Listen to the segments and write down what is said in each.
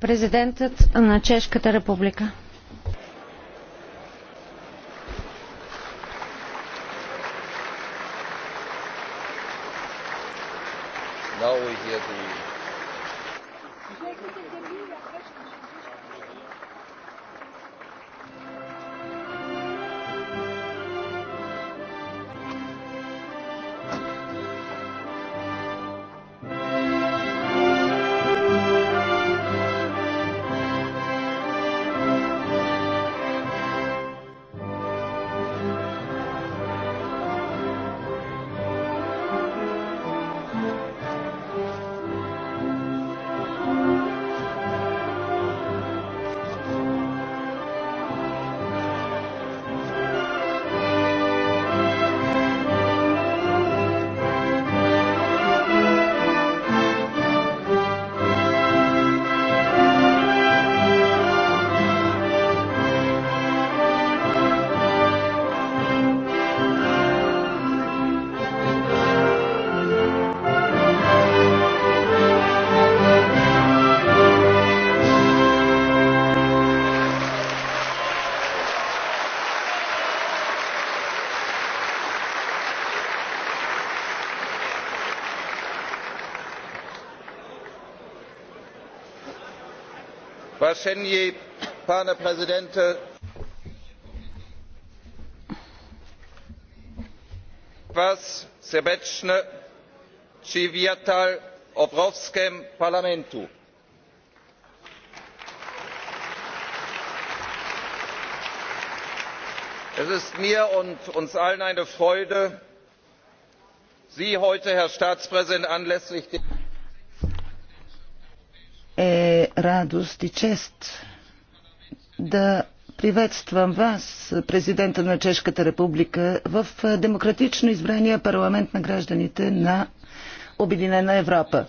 президентът на Чешката република. Now we hear the pane Parlamentu. es ist mir und uns allen eine freude sie heute herr staatspräsident anlässlich е радост и чест да приветствам вас, президента на Чешката република, в демократично избрания парламент на гражданите на Обединена Европа.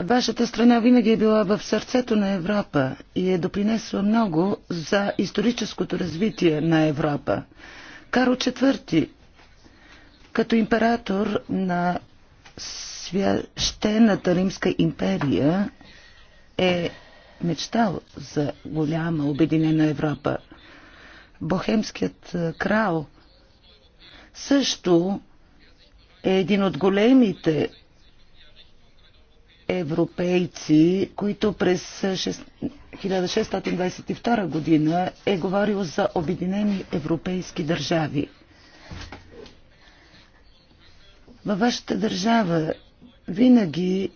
Вашата страна винаги е била в сърцето на Европа и е допринесла много за историческото развитие на Европа. Каро IV, като император на священата Римска империя е мечтал за голяма обединена Европа. Бохемският е, крал също е един от големите европейци, които през 1622 година е говорил за обединени европейски държави. Във вашата държава винаги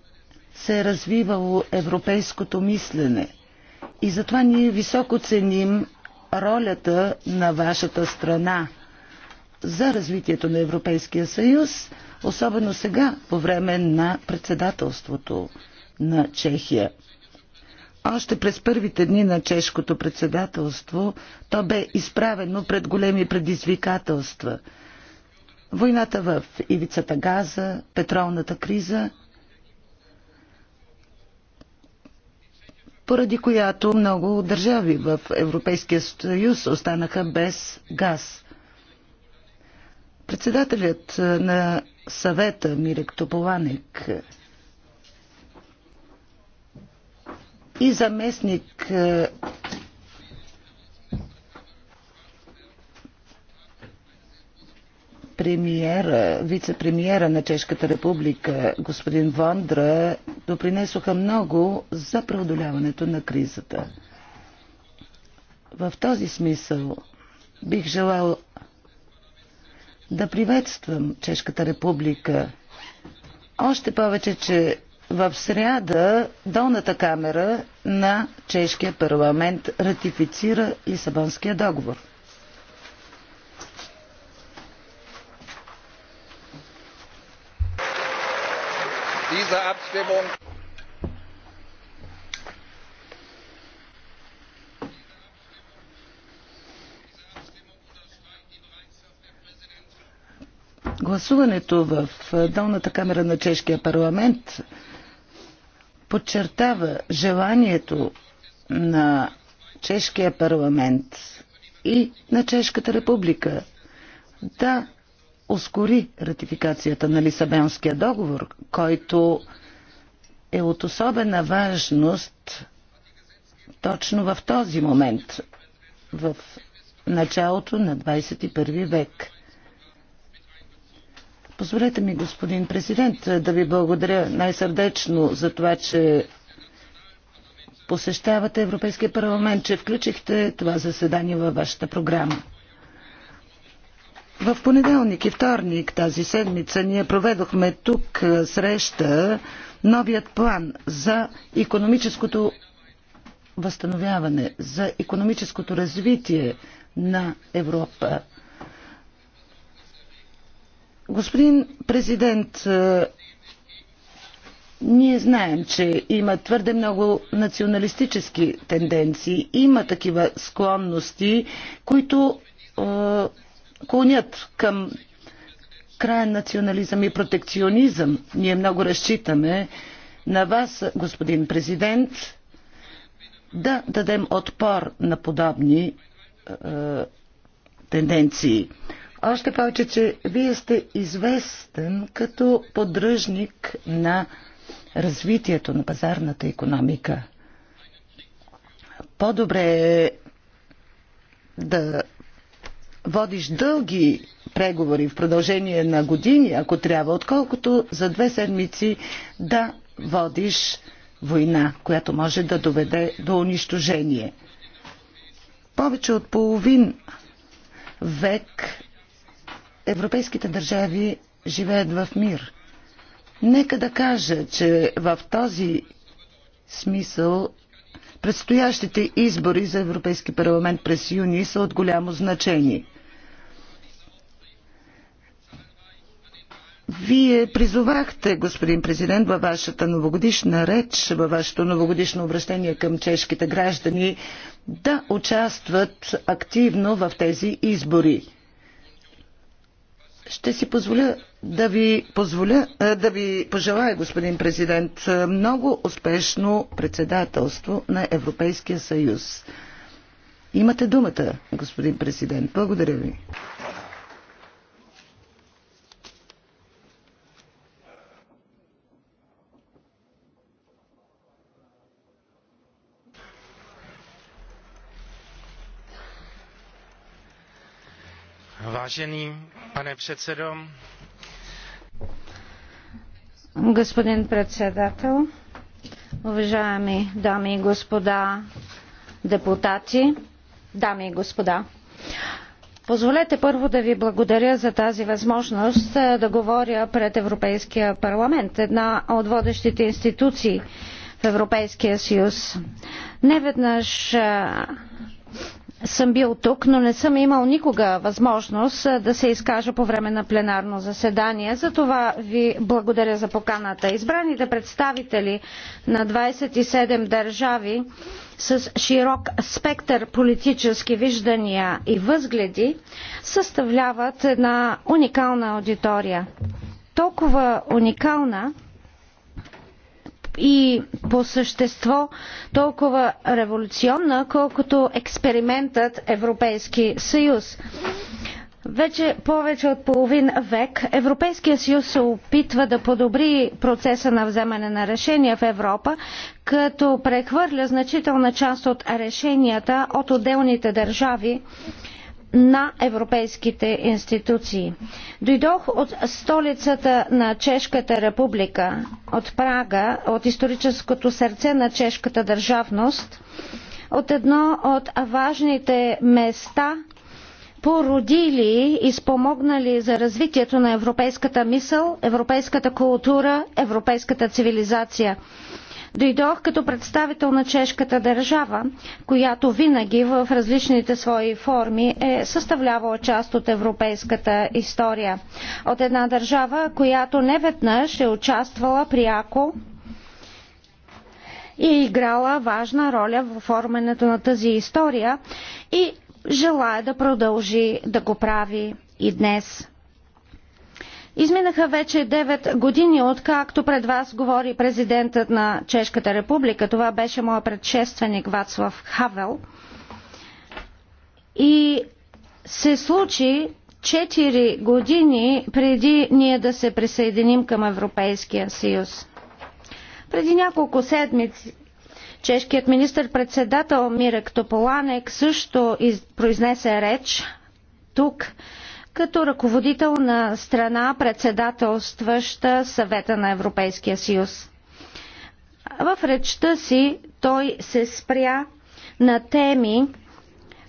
се е развивало европейското мислене и затова ние високо ценим ролята на вашата страна за развитието на Европейския съюз, особено сега, по време на председателството на Чехия. Още през първите дни на чешкото председателство то бе изправено пред големи предизвикателства – Войната в ивицата Газа, петролната криза, поради която много държави в Европейския съюз останаха без газ. Председателят на съвета Мирек Тополанек и заместник премиера, вице-премиера на Чешката република, господин Вондра, допринесоха много за преодоляването на кризата. В този смисъл бих желал да приветствам Чешката република. Още повече, че в сряда долната камера на Чешкия парламент ратифицира Лисабонския договор. dieser Abstimmung. Гласуването в долната камера на Чешкия парламент подчертава желанието на Чешкия парламент и на Чешката република да ускори ратификацията на Лисабонския договор, който е от особена важност точно в този момент, в началото на 21 век. Позволете ми, господин президент, да ви благодаря най-сърдечно за това, че посещавате Европейския парламент, че включихте това заседание във вашата програма. В понеделник и вторник тази седмица ние проведохме тук е, среща новият план за економическото възстановяване, за економическото развитие на Европа. Господин президент, е, ние знаем, че има твърде много националистически тенденции, има такива склонности, които е, клонят към крайен национализъм и протекционизъм. Ние много разчитаме на вас, господин президент, да дадем отпор на подобни е, тенденции. Още повече, че вие сте известен като поддръжник на развитието на пазарната економика. По-добре е да водиш дълги преговори в продължение на години, ако трябва, отколкото за две седмици да водиш война, която може да доведе до унищожение. Повече от половин век европейските държави живеят в мир. Нека да кажа, че в този смисъл Предстоящите избори за Европейски парламент през юни са от голямо значение. Вие призовахте, господин президент, във вашата новогодишна реч, във вашето новогодишно обращение към чешките граждани да участват активно в тези избори. Ще си позволя да ви, позволя, е, да ви пожелая, господин президент, е, много успешно председателство на Европейския съюз. Имате думата, господин президент. Благодаря ви. Vážený pane předsedo, Господин председател, уважаеми дами и господа депутати, дами и господа, Позволете първо да ви благодаря за тази възможност е, да говоря пред Европейския парламент, една от водещите институции в Европейския съюз. Неведнъж е, съм бил тук, но не съм имал никога възможност да се изкажа по време на пленарно заседание. Затова ви благодаря за поканата. Избраните представители на 27 държави с широк спектър политически виждания и възгледи съставляват една уникална аудитория. Толкова уникална, и по същество толкова революционна, колкото експериментът Европейски съюз. Вече повече от половин век Европейския съюз се опитва да подобри процеса на вземане на решения в Европа, като прехвърля значителна част от решенията от отделните държави на европейските институции. Дойдох от столицата на Чешката република, от Прага, от историческото сърце на чешката държавност, от едно от важните места, породили и спомогнали за развитието на европейската мисъл, европейската култура, европейската цивилизация. Дойдох като представител на чешката държава, която винаги в различните свои форми е съставлявала част от европейската история. От една държава, която неведнъж е участвала пряко и е играла важна роля в оформянето на тази история и желая да продължи да го прави и днес. Изминаха вече 9 години, откакто пред вас говори президентът на Чешката република. Това беше моят предшественик Вацлав Хавел. И се случи 4 години преди ние да се присъединим към Европейския съюз. Преди няколко седмици чешкият министр-председател Мирек Тополанек също произнесе реч тук като ръководител на страна, председателстваща съвета на Европейския съюз. В речта си той се спря на теми,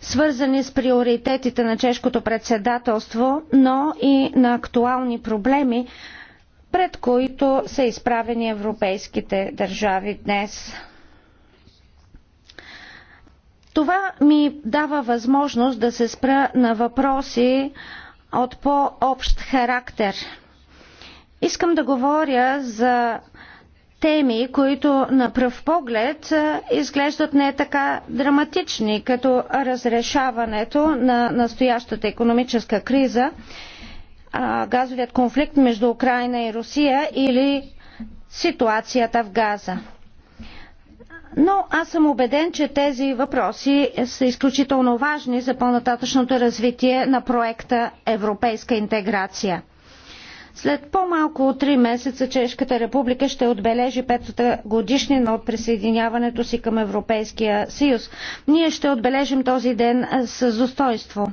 свързани с приоритетите на чешкото председателство, но и на актуални проблеми, пред които са изправени европейските държави днес. Това ми дава възможност да се спра на въпроси, от по-общ характер. Искам да говоря за теми, които на пръв поглед изглеждат не така драматични, като разрешаването на настоящата економическа криза, газовият конфликт между Украина и Русия или ситуацията в Газа. Но аз съм убеден, че тези въпроси са изключително важни за по-нататъчното развитие на проекта Европейска интеграция. След по-малко от 3 месеца Чешката република ще отбележи петата годишнина от присъединяването си към Европейския съюз. Ние ще отбележим този ден с достоинство.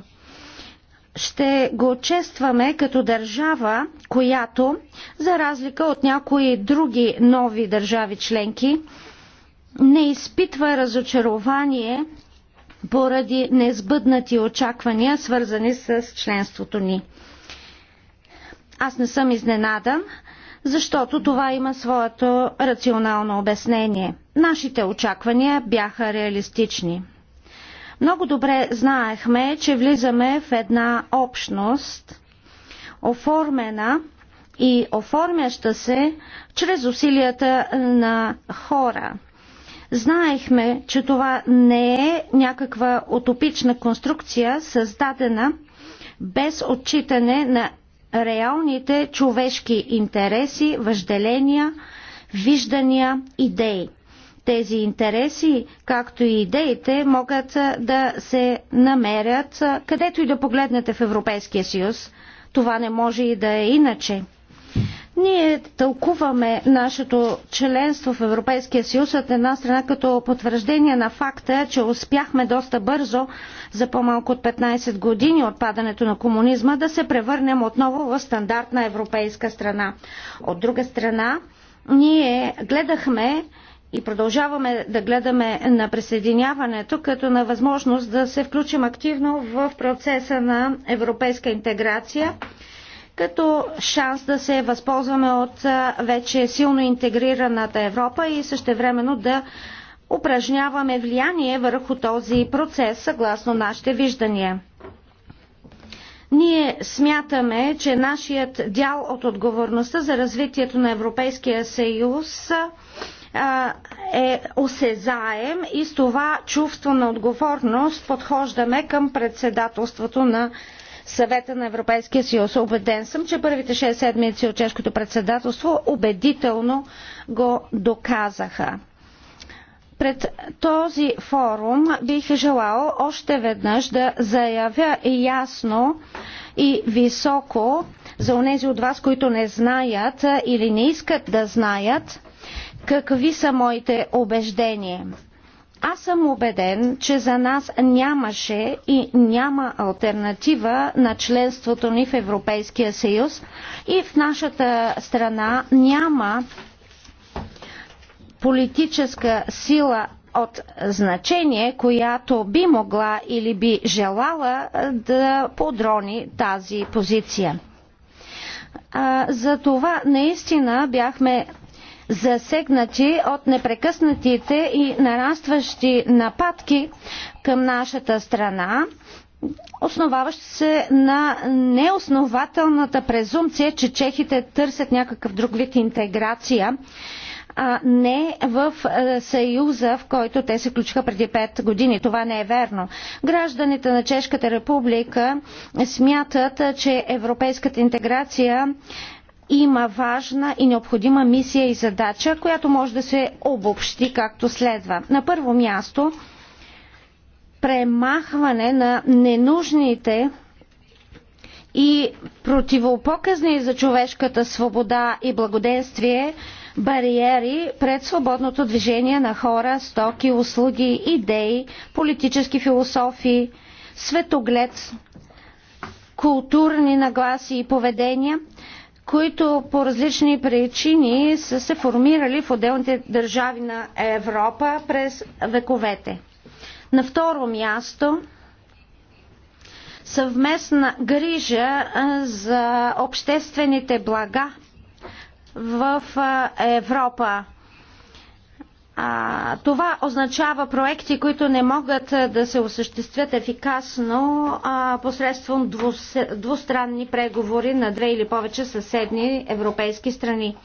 Ще го честваме като държава, която, за разлика от някои други нови държави членки, не изпитва разочарование поради несбъднати очаквания, свързани с членството ни. Аз не съм изненадан, защото това има своето рационално обяснение. Нашите очаквания бяха реалистични. Много добре знаехме, че влизаме в една общност, оформена и оформяща се чрез усилията на хора – Знаехме, че това не е някаква утопична конструкция, създадена без отчитане на реалните човешки интереси, въжделения, виждания, идеи. Тези интереси, както и идеите, могат да се намерят където и да погледнете в Европейския съюз. Това не може и да е иначе. Ние тълкуваме нашето членство в Европейския съюз от една страна като потвърждение на факта, че успяхме доста бързо, за по-малко от 15 години от падането на комунизма, да се превърнем отново в стандартна европейска страна. От друга страна, ние гледахме и продължаваме да гледаме на присъединяването като на възможност да се включим активно в процеса на европейска интеграция като шанс да се възползваме от вече силно интегрираната Европа и същевременно да упражняваме влияние върху този процес съгласно нашите виждания. Ние смятаме, че нашият дял от отговорността за развитието на Европейския съюз е осезаем и с това чувство на отговорност подхождаме към председателството на съвета на Европейския съюз. Обеден съм, че първите 6 седмици от чешкото председателство убедително го доказаха. Пред този форум бих желал още веднъж да заявя ясно и високо за онези от вас, които не знаят или не искат да знаят, какви са моите убеждения. Аз съм убеден, че за нас нямаше и няма альтернатива на членството ни в Европейския съюз и в нашата страна няма политическа сила от значение, която би могла или би желала да подрони тази позиция. За това наистина бяхме засегнати от непрекъснатите и нарастващи нападки към нашата страна, основаващи се на неоснователната презумпция, че чехите търсят някакъв друг вид интеграция, а не в е, съюза, в който те се включиха преди 5 години. Това не е верно. Гражданите на Чешката република смятат, че европейската интеграция има важна и необходима мисия и задача, която може да се обобщи както следва. На първо място, премахване на ненужните и противопоказни за човешката свобода и благоденствие бариери пред свободното движение на хора, стоки, услуги, идеи, политически философии, светоглед, културни нагласи и поведения – които по различни причини са се формирали в отделните държави на Европа през вековете. На второ място съвместна грижа за обществените блага в Европа. А, това означава проекти, които не могат да се осъществят ефикасно а, посредством двустранни преговори на две или повече съседни европейски страни.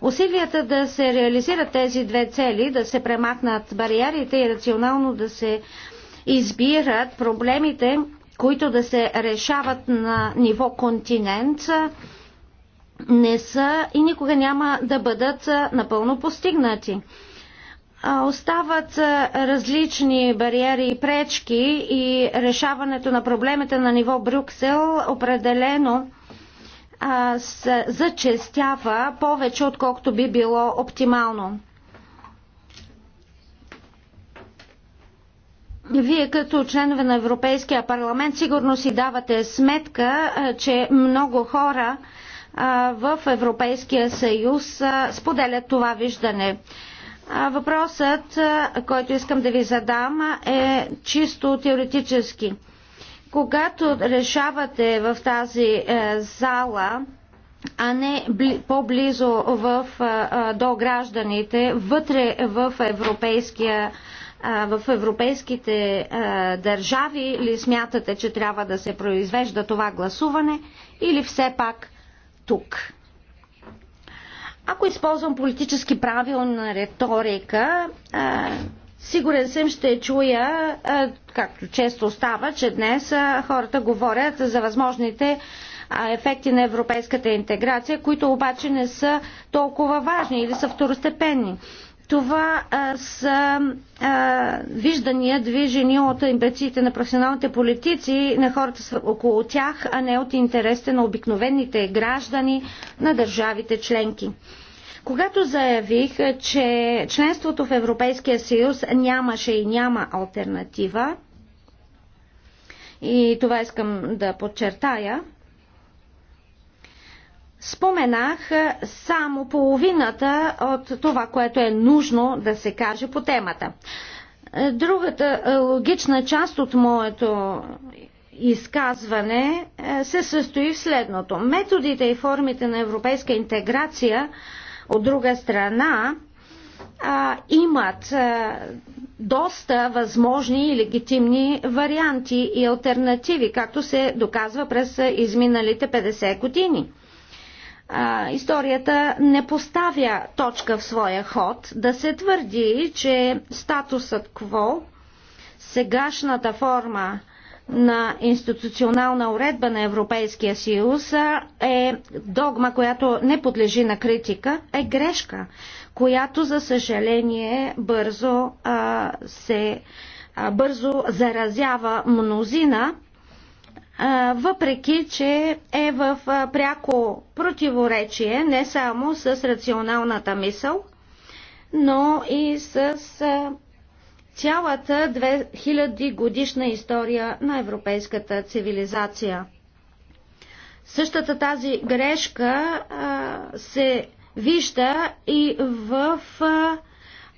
Усилията да се реализират тези две цели, да се премахнат бариерите и рационално да се избират проблемите, които да се решават на ниво континент, не са и никога няма да бъдат напълно постигнати. Остават различни бариери и пречки и решаването на проблемите на ниво Брюксел определено зачестява повече, отколкото би било оптимално. Вие като членове на Европейския парламент сигурно си давате сметка, че много хора в Европейския съюз споделят това виждане. Въпросът, който искам да ви задам, е чисто теоретически. Когато решавате в тази е, зала, а не по-близо в, до гражданите, вътре в Европейския в европейските държави ли смятате, че трябва да се произвежда това гласуване или все пак тук? Ако използвам политически правилна риторика, Сигурен съм, ще чуя, както често става, че днес хората говорят за възможните ефекти на европейската интеграция, които обаче не са толкова важни или са второстепенни. Това а, са а, виждания, движени от импеците на професионалните политици, на хората около тях, а не от интересите на обикновените граждани на държавите членки. Когато заявих, че членството в Европейския съюз нямаше и няма альтернатива, и това искам да подчертая, Споменах само половината от това, което е нужно да се каже по темата. Е, другата е, логична част от моето изказване е, се състои в следното. Методите и формите на европейска интеграция, от друга страна, имат доста възможни и легитимни варианти и альтернативи, както се доказва през изминалите 50 години а, историята не поставя точка в своя ход. Да се твърди, че статусът кво, сегашната форма на институционална уредба на Европейския съюз е догма, която не подлежи на критика, е грешка, която за съжаление бързо а, се а, бързо заразява мнозина въпреки че е в пряко противоречие не само с рационалната мисъл, но и с цялата 2000 годишна история на европейската цивилизация. Същата тази грешка се вижда и в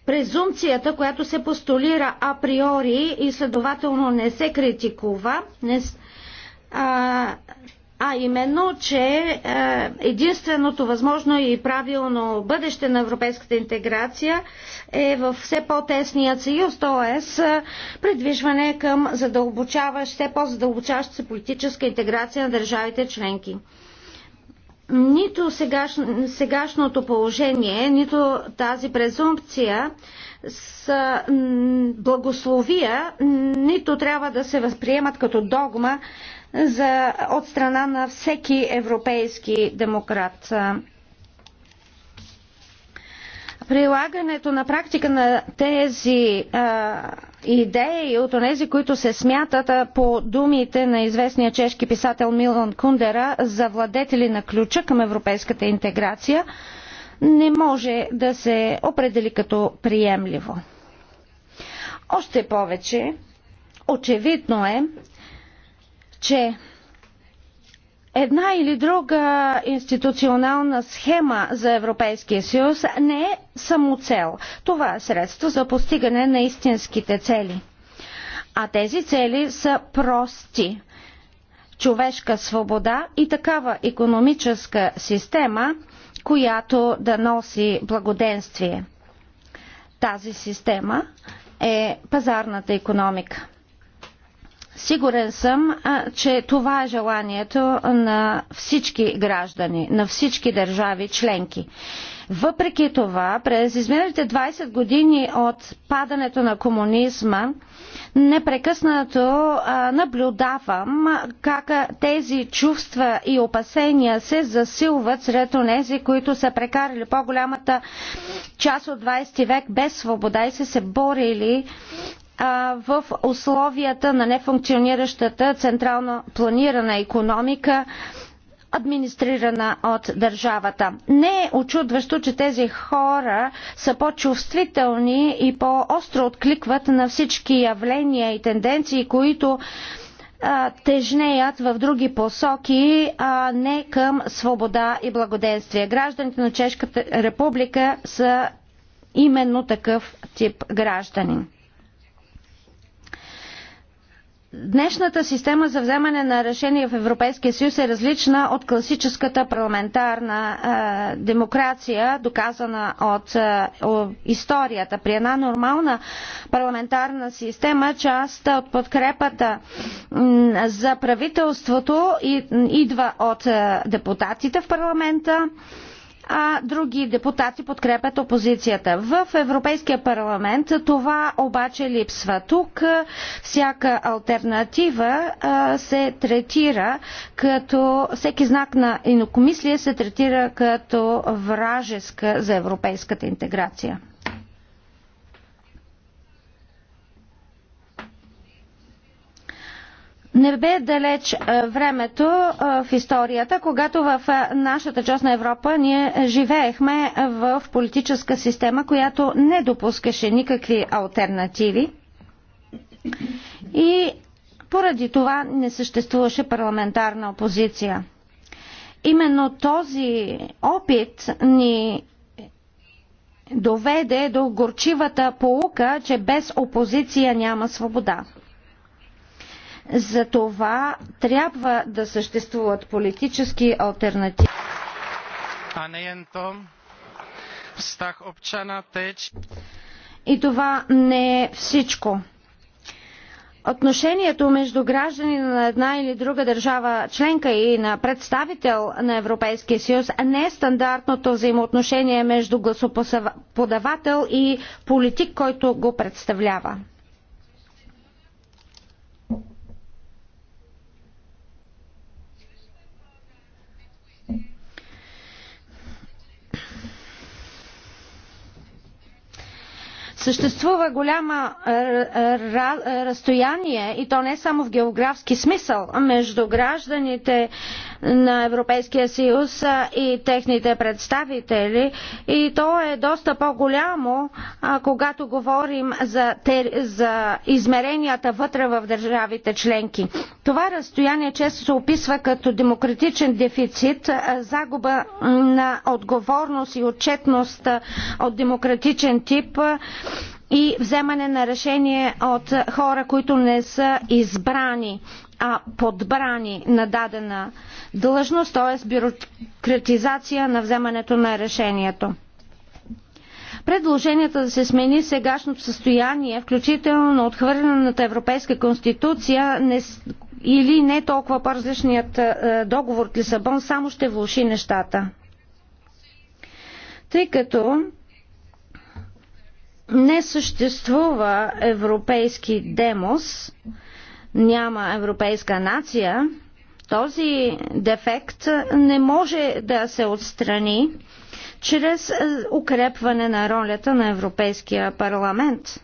презумцията, която се постулира априори и следователно не се критикува, не се а, а именно, че е, единственото възможно и правилно бъдеще на европейската интеграция е в все по-тесният съюз, т.е. предвижване към задълбочаващ, все по-задълбочаваща се политическа интеграция на държавите членки. Нито сегаш, сегашното положение, нито тази презумпция с благословия, нито трябва да се възприемат като догма за, от страна на всеки европейски демократ. Прилагането на практика на тези а, идеи от тези, които се смятат а, по думите на известния чешки писател Милан Кундера за владетели на ключа към европейската интеграция, не може да се определи като приемливо. Още повече, очевидно е, че една или друга институционална схема за Европейския съюз не е самоцел. Това е средство за постигане на истинските цели. А тези цели са прости. Човешка свобода и такава економическа система, която да носи благоденствие. Тази система е пазарната економика. Сигурен съм, че това е желанието на всички граждани, на всички държави членки. Въпреки това, през изминалите 20 години от падането на комунизма, непрекъснато наблюдавам как тези чувства и опасения се засилват сред онези, които са прекарали по-голямата част от 20 век без свобода и са се борили в условията на нефункциониращата централно планирана економика, администрирана от държавата. Не е очудващо, че тези хора са по-чувствителни и по-остро откликват на всички явления и тенденции, които а, тежнеят в други посоки, а не към свобода и благоденствие. Гражданите на Чешката република са именно такъв тип граждани. Днешната система за вземане на решения в Европейския съюз е различна от класическата парламентарна е, демокрация, доказана от е, о, историята. При една нормална парламентарна система част от подкрепата за правителството и, идва от е, депутатите в парламента а други депутати подкрепят опозицията. В Европейския парламент това обаче липсва. Тук всяка альтернатива се третира като всеки знак на инокомислие се третира като вражеска за европейската интеграция. Не бе далеч времето в историята, когато в нашата част на Европа ние живеехме в политическа система, която не допускаше никакви альтернативи. И поради това не съществуваше парламентарна опозиция. Именно този опит ни доведе до горчивата полука, че без опозиция няма свобода. За това трябва да съществуват политически альтернативи. А не е И това не е всичко. Отношението между граждани на една или друга държава членка и на представител на Европейския съюз не е стандартното взаимоотношение между гласоподавател и политик, който го представлява. Съществува голяма разстояние и то не само в географски смисъл между гражданите на Европейския съюз и техните представители. И то е доста по-голямо, когато говорим за, за измеренията вътре в държавите членки. Това разстояние често се описва като демократичен дефицит, загуба на отговорност и отчетност от демократичен тип и вземане на решение от хора, които не са избрани, а подбрани на дадена длъжност, т.е. бюрократизация на вземането на решението. Предложенията да се смени сегашното състояние, включително на отхвърлената Европейска конституция не, или не толкова по-различният е, договор от Лисабон, само ще влуши нещата. Тъй като не съществува европейски демос, няма европейска нация, този дефект не може да се отстрани чрез е, укрепване на ролята на Европейския парламент.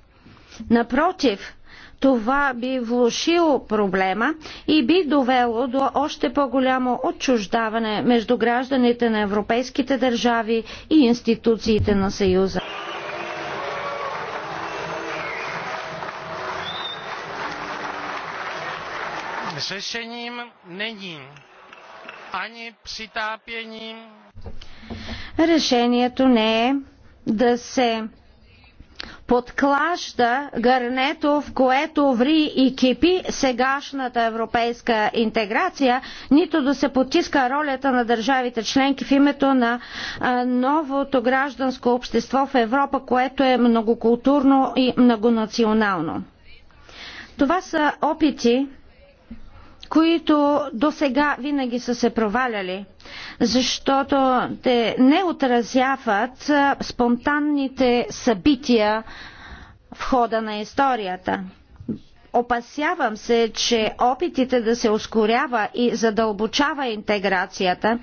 Напротив, това би влушило проблема и би довело до още по-голямо отчуждаване между гражданите на европейските държави и институциите на Съюза. Řešením není ani přitápěním. Решението не е да се подклажда гърнето, в което ври и кипи сегашната европейска интеграция, нито да се потиска ролята на държавите членки в името на новото гражданско общество в Европа, което е многокултурно и многонационално. Това са опити които до сега винаги са се проваляли, защото те не отразяват спонтанните събития в хода на историята. Опасявам се, че опитите да се ускорява и задълбочава интеграцията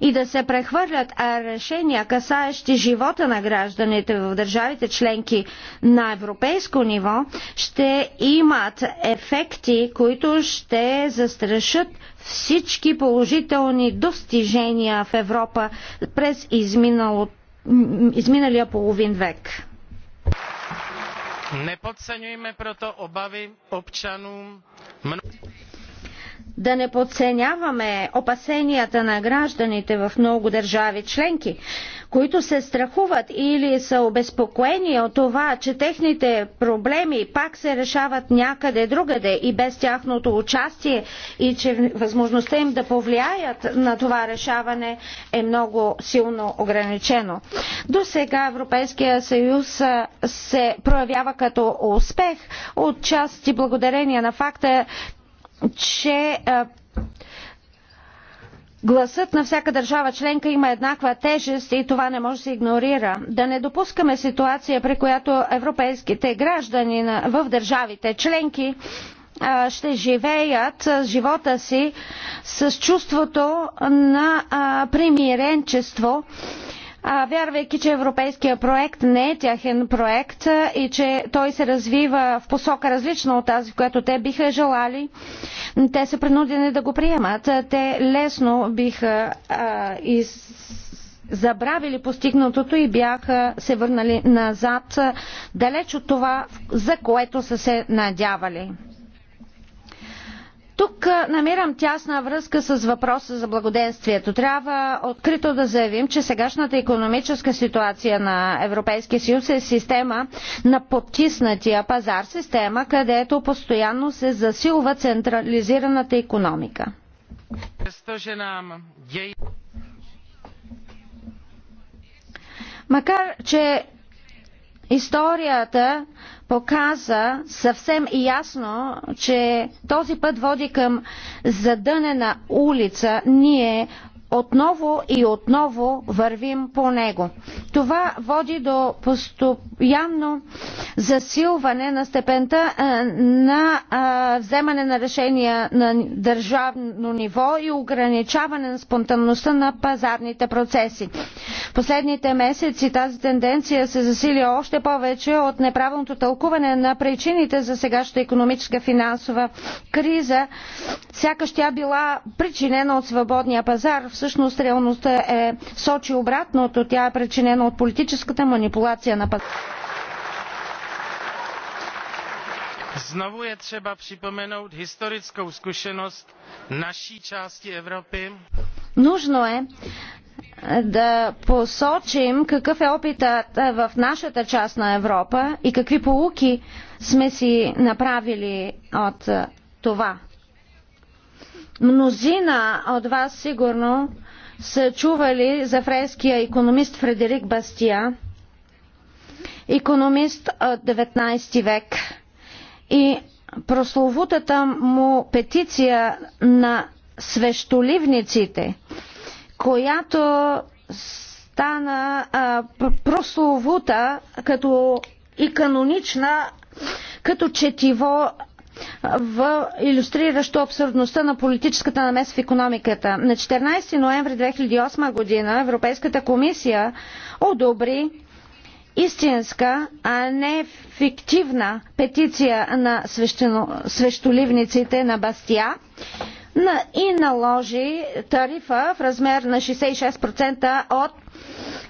и да се прехвърлят решения, касаещи живота на гражданите в държавите членки на европейско ниво, ще имат ефекти, които ще застрашат всички положителни достижения в Европа през изминало, изминалия половин век. Nepodceňujme proto obavy občanů да не подценяваме опасенията на гражданите в много държави членки, които се страхуват или са обезпокоени от това, че техните проблеми пак се решават някъде другаде и без тяхното участие и че възможността им да повлияят на това решаване е много силно ограничено. До сега Европейския съюз се проявява като успех отчасти благодарение на факта, че Гласът на всяка държава членка има еднаква тежест и това не може да се игнорира. Да не допускаме ситуация, при която европейските граждани в държавите членки ще живеят живота си с чувството на примиренчество вярвайки, че европейския проект не е тяхен проект и че той се развива в посока различна от тази, в която те биха желали, те са принудени да го приемат. Те лесно биха а, из забравили постигнатото и бяха се върнали назад, далеч от това, за което са се надявали. Тук намирам тясна връзка с въпроса за благоденствието. Трябва открито да заявим, че сегашната економическа ситуация на Европейския съюз е система на потиснатия пазар, система, където постоянно се засилва централизираната економика. Макар, че Историята показа съвсем ясно, че този път води към задънена улица. Ние отново и отново вървим по него. Това води до постоянно засилване на степента е, на е, вземане на решения на държавно ниво и ограничаване на спонтанността на пазарните процеси. В последните месеци тази тенденция се засили още повече от неправилното тълкуване на причините за сегашната економическа финансова криза, сякаш тя била причинена от свободния пазар в Всъщност реалността е сочи обратното. Тя е причинена от политическата манипулация на пазара. Znovu je třeba připomenout historickou zkušenost naší části Evropy. Нужно е, е да посочим какъв е опитът е, в нашата част на Европа и какви полуки сме си направили от е, това. Мнозина от вас сигурно са чували за френския економист Фредерик Бастия, економист от 19 век и прословутата му петиция на свещоливниците, която стана а, прословута като и канонична като четиво в иллюстриращо абсурдността на политическата намеса в економиката. На 14 ноември 2008 година Европейската комисия одобри истинска, а не фиктивна петиция на свещено, свещоливниците на Бастия и наложи тарифа в размер на 66% от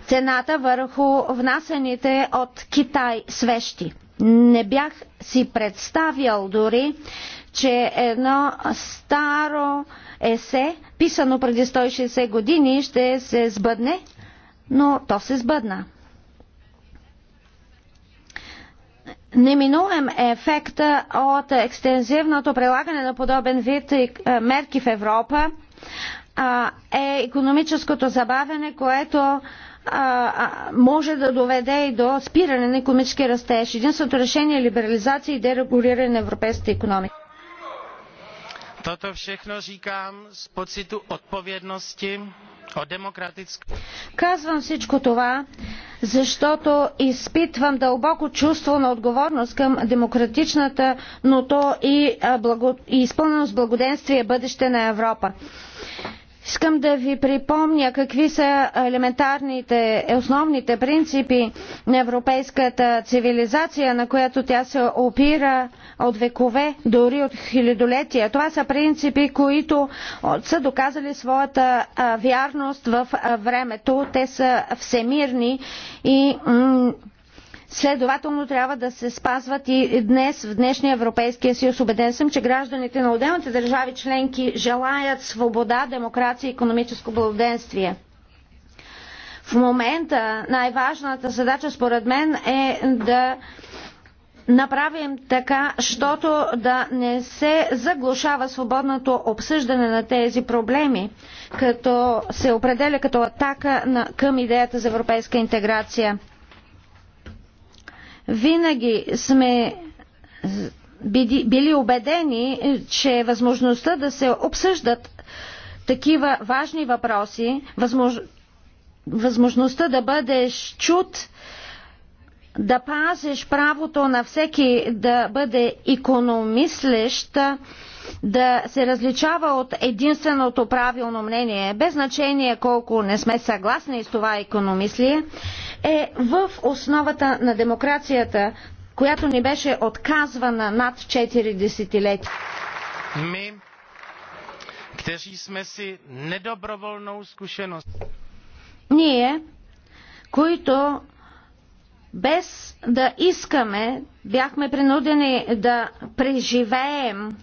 цената върху внасените от Китай свещи. Не бях си представял дори, че едно старо есе, писано преди 160 години, ще се сбъдне, но то се сбъдна. Неминуем е ефекта от екстензивното прилагане на подобен вид е, мерки в Европа е економическото забавяне, което може да доведе и до спиране на економически растеж. Единственото решение е либерализация и дерегулиране на европейската економика. Toto všechno říkám z pocitu odpovědnosti o demokratické. Казвам всичко това, защото изпитвам дълбоко чувство на отговорност към демократичната, но то и, благо... и изпълнено с благоденствие бъдеще на Европа. Искам да ви припомня какви са елементарните, основните принципи на европейската цивилизация, на която тя се опира от векове, дори от хилядолетия. Това са принципи, които са доказали своята вярност в времето. Те са всемирни и Следователно трябва да се спазват и днес в днешния Европейския съюз. Обеден съм, че гражданите на отделните държави членки желаят свобода, демокрация и економическо благоденствие. В момента най-важната задача според мен е да направим така, щото да не се заглушава свободното обсъждане на тези проблеми, като се определя като атака на, към идеята за европейска интеграция. Винаги сме били убедени, че е възможността да се обсъждат такива важни въпроси, възмож... възможността да бъдеш чут, да пазиш правото на всеки да бъде икономислещ, да се различава от единственото правилно мнение, без значение колко не сме съгласни с това економислие, е в основата на демокрацията, която ни беше отказвана над 4 десетилетия. Ми, kteří сме си недоброволnou zkušenost. Ние, които без да искаме, бяхме принудени да преживеем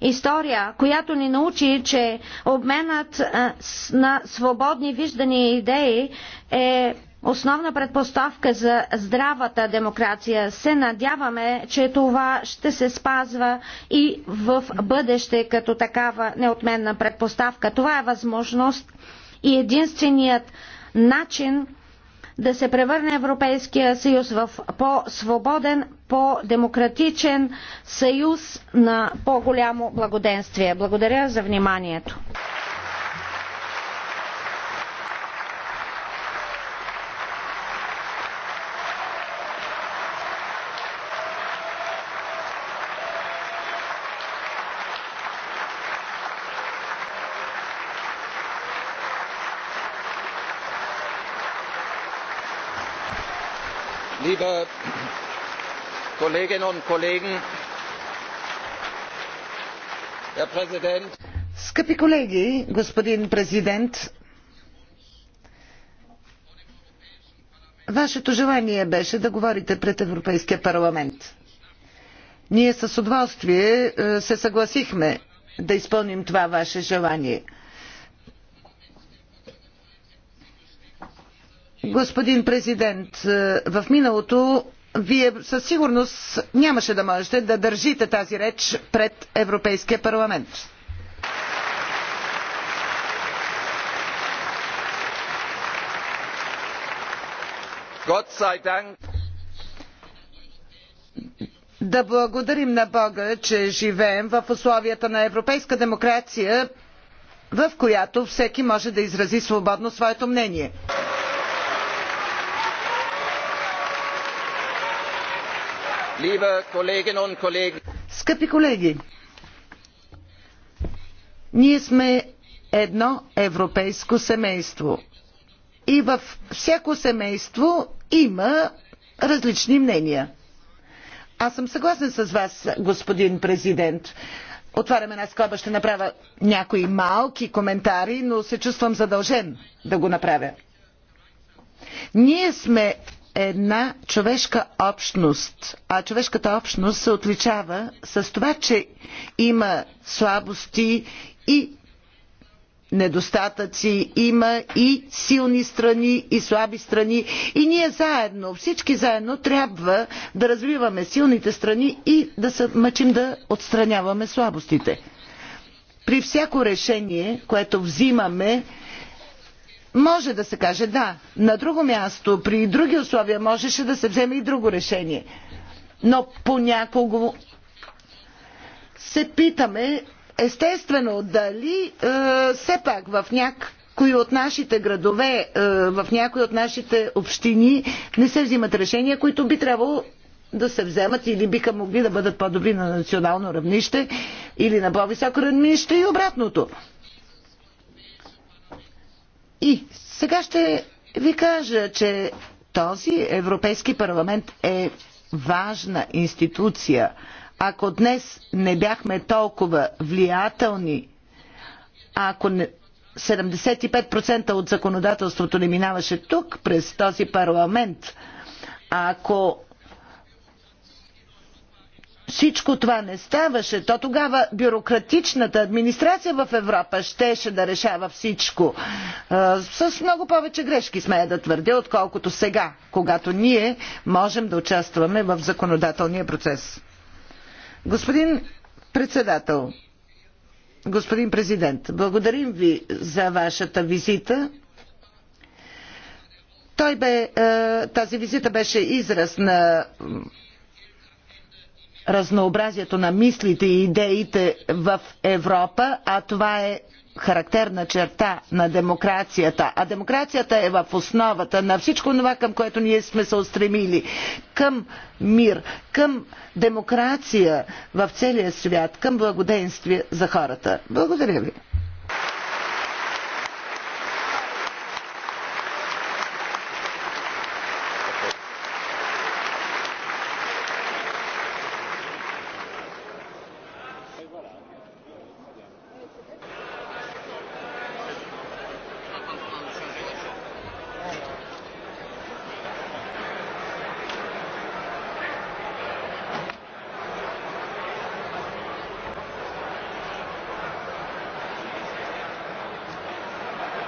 история, която ни научи, че обменът на свободни виждания и идеи е основна предпоставка за здравата демокрация. Се надяваме, че това ще се спазва и в бъдеще като такава неотменна предпоставка. Това е възможност и единственият начин да се превърне Европейския съюз в по-свободен, по-демократичен съюз на по-голямо благоденствие. Благодаря за вниманието. liebe kolleginnen und kollegen herr präsident! скъпи колеги господин президент вашето желание беше да говорите пред европейския парламент. ние с удоволствие е, се съгласихме да изпълним това ваше желание – Господин президент, е, в миналото вие със сигурност нямаше да можете да държите тази реч пред Европейския парламент. Да благодарим на Бога, че живеем в условията на европейска демокрация, в която всеки може да изрази свободно своето мнение. Скъпи колеги, ние сме едно европейско семейство. И във всяко семейство има различни мнения. Аз съм съгласен с вас, господин президент. Отварям една скоба, ще направя някои малки коментари, но се чувствам задължен да го направя. Ние сме една човешка общност. А човешката общност се отличава с това, че има слабости и недостатъци, има и силни страни, и слаби страни. И ние заедно, всички заедно трябва да развиваме силните страни и да се мъчим да отстраняваме слабостите. При всяко решение, което взимаме, може да се каже да. На друго място, при други условия, можеше да се вземе и друго решение. Но понякога се питаме, естествено, дали е, все пак в някои от нашите градове, е, в някои от нашите общини не се взимат решения, които би трябвало да се вземат или биха могли да бъдат по-добри на национално равнище или на по-високо равнище и обратното. И сега ще ви кажа, че този Европейски парламент е важна институция. Ако днес не бяхме толкова влиятелни, ако 75% от законодателството не минаваше тук през този парламент, ако всичко това не ставаше, то тогава бюрократичната администрация в Европа щеше да решава всичко. С много повече грешки, смея да твърдя, отколкото сега, когато ние можем да участваме в законодателния процес. Господин председател, господин президент, благодарим ви за вашата визита. Той бе, тази визита беше израз на разнообразието на мислите и идеите в Европа, а това е характерна черта на демокрацията. А демокрацията е в основата на всичко това, към което ние сме се устремили. Към мир, към демокрация в целия свят, към благоденствие за хората. Благодаря ви.